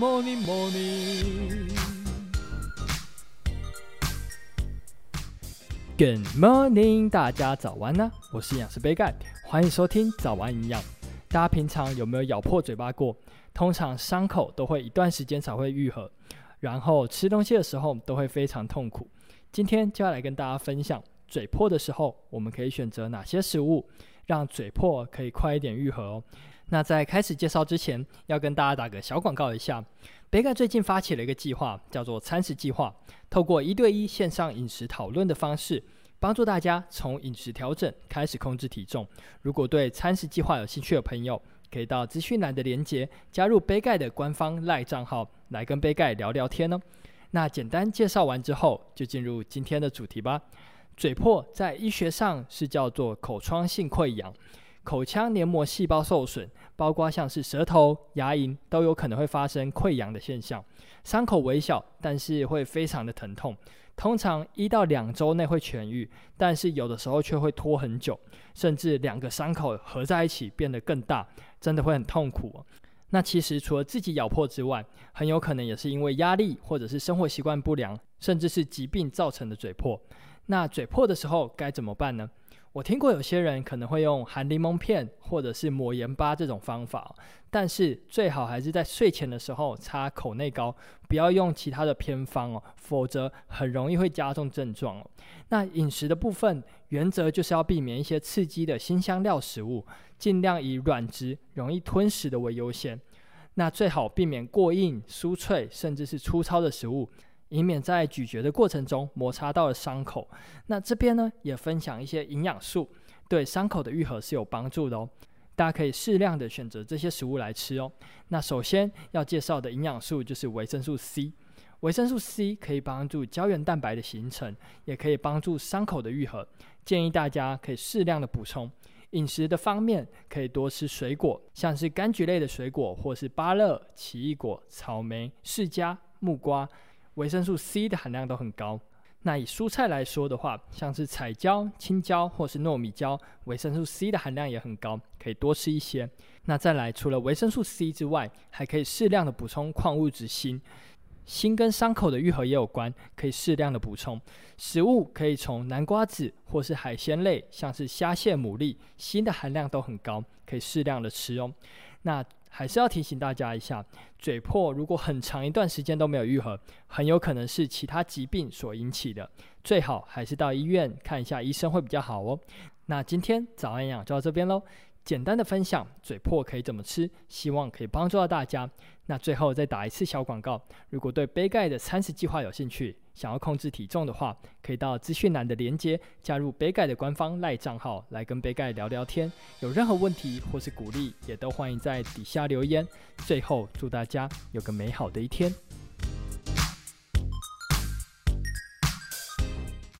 Morning, morning. Good morning，大家早安呢！我是營養師杯蓋，歡迎收聽早安營養。大家平常有沒有咬破嘴巴過？通常傷口都會一段時間才會愈合，然後吃東西的時候都會非常痛苦。今天就要來跟大家分享，嘴破的時候我們可以選擇哪些食物，讓嘴破可以快一點愈合哦。那在開始介紹之前，要跟大家打個小廣告一下。杯蓋最近發起了一個計劃，叫做餐食計劃，透過一對一線上飲食討論的方式，幫助大家從飲食調整開始控制體重。如果對餐食計劃有興趣的朋友，可以到資訊欄的連接加入杯蓋的官方賴賬號，來跟杯蓋聊聊天哦。那簡單介紹完之後，就進入今天的主題吧。嘴破在醫學上是叫做口瘡性潰瘍，口腔黏膜細、細胞受損。包括像是舌頭、牙齦都有可能會發生潰瘍的現象，傷口微小，但是會非常的疼痛。通常一到兩周內會痊癒，但是有的時候卻會拖很久，甚至兩個傷口合在一起變得更大，真的會很痛苦哦。那其實除了自己咬破之外，很有可能也是因為壓力或者是生活習慣不良，甚至是疾病造成的嘴破。那嘴破的時候該怎麼辦呢？我聽過有些人可能會用含檸檬片或者是抹鹽巴這種方法，但是最好還是在睡前的時候擦口內膏，不要用其他的偏方哦，否則很容易會加重症狀哦。那飲食的部分，原則就是要避免一些刺激的辛香料食物，盡量以軟質、容易吞食的為優先。那最好避免過硬、酥脆甚至是粗糙的食物。以免在咀嚼的過程中摩擦到了傷口。那這邊呢，也分享一些營養素，對傷口的愈合是有幫助的哦。大家可以適量的選擇這些食物來吃哦。那首先要介紹的營養素就是維生素 C。維生素 C 可以幫助膠原蛋白的形成，也可以幫助傷口的愈合。建議大家可以適量的補充。飲食的方面可以多吃水果，像是柑橘類的水果，或是芭樂、奇異果、草莓、釋迦、木瓜。維生素 C 的含量都很高。那以蔬菜來說的話，像是彩椒、青椒或是糯米椒，維生素 C 的含量也很高，可以多吃一些。那再來，除了維生素 C 之外，還可以適量的補充礦物質鋅。鋅跟傷口的愈合也有關，可以適量的補充。食物可以從南瓜子或是海鮮類，像是蝦蟹、牡蠣，鋅的含量都很高，可以適量的吃哦。那還是要提醒大家一下，嘴破如果很長一段時間都沒有愈合，很有可能是其他疾病所引起的，最好還是到醫院看一下醫生會比較好哦。那今天早安營養就到這邊嘍，簡單的分享嘴破可以怎麼吃，希望可以幫助到大家。那最後再打一次小廣告，如果對杯蓋的餐食計劃有興趣。想要控制體重的話，可以到資訊欄的連結加入杯蓋的官方 LINE 帳號，來跟杯蓋聊聊天。有任何問題或是鼓勵，也都歡迎在底下留言。最後，祝大家有個美好的一天。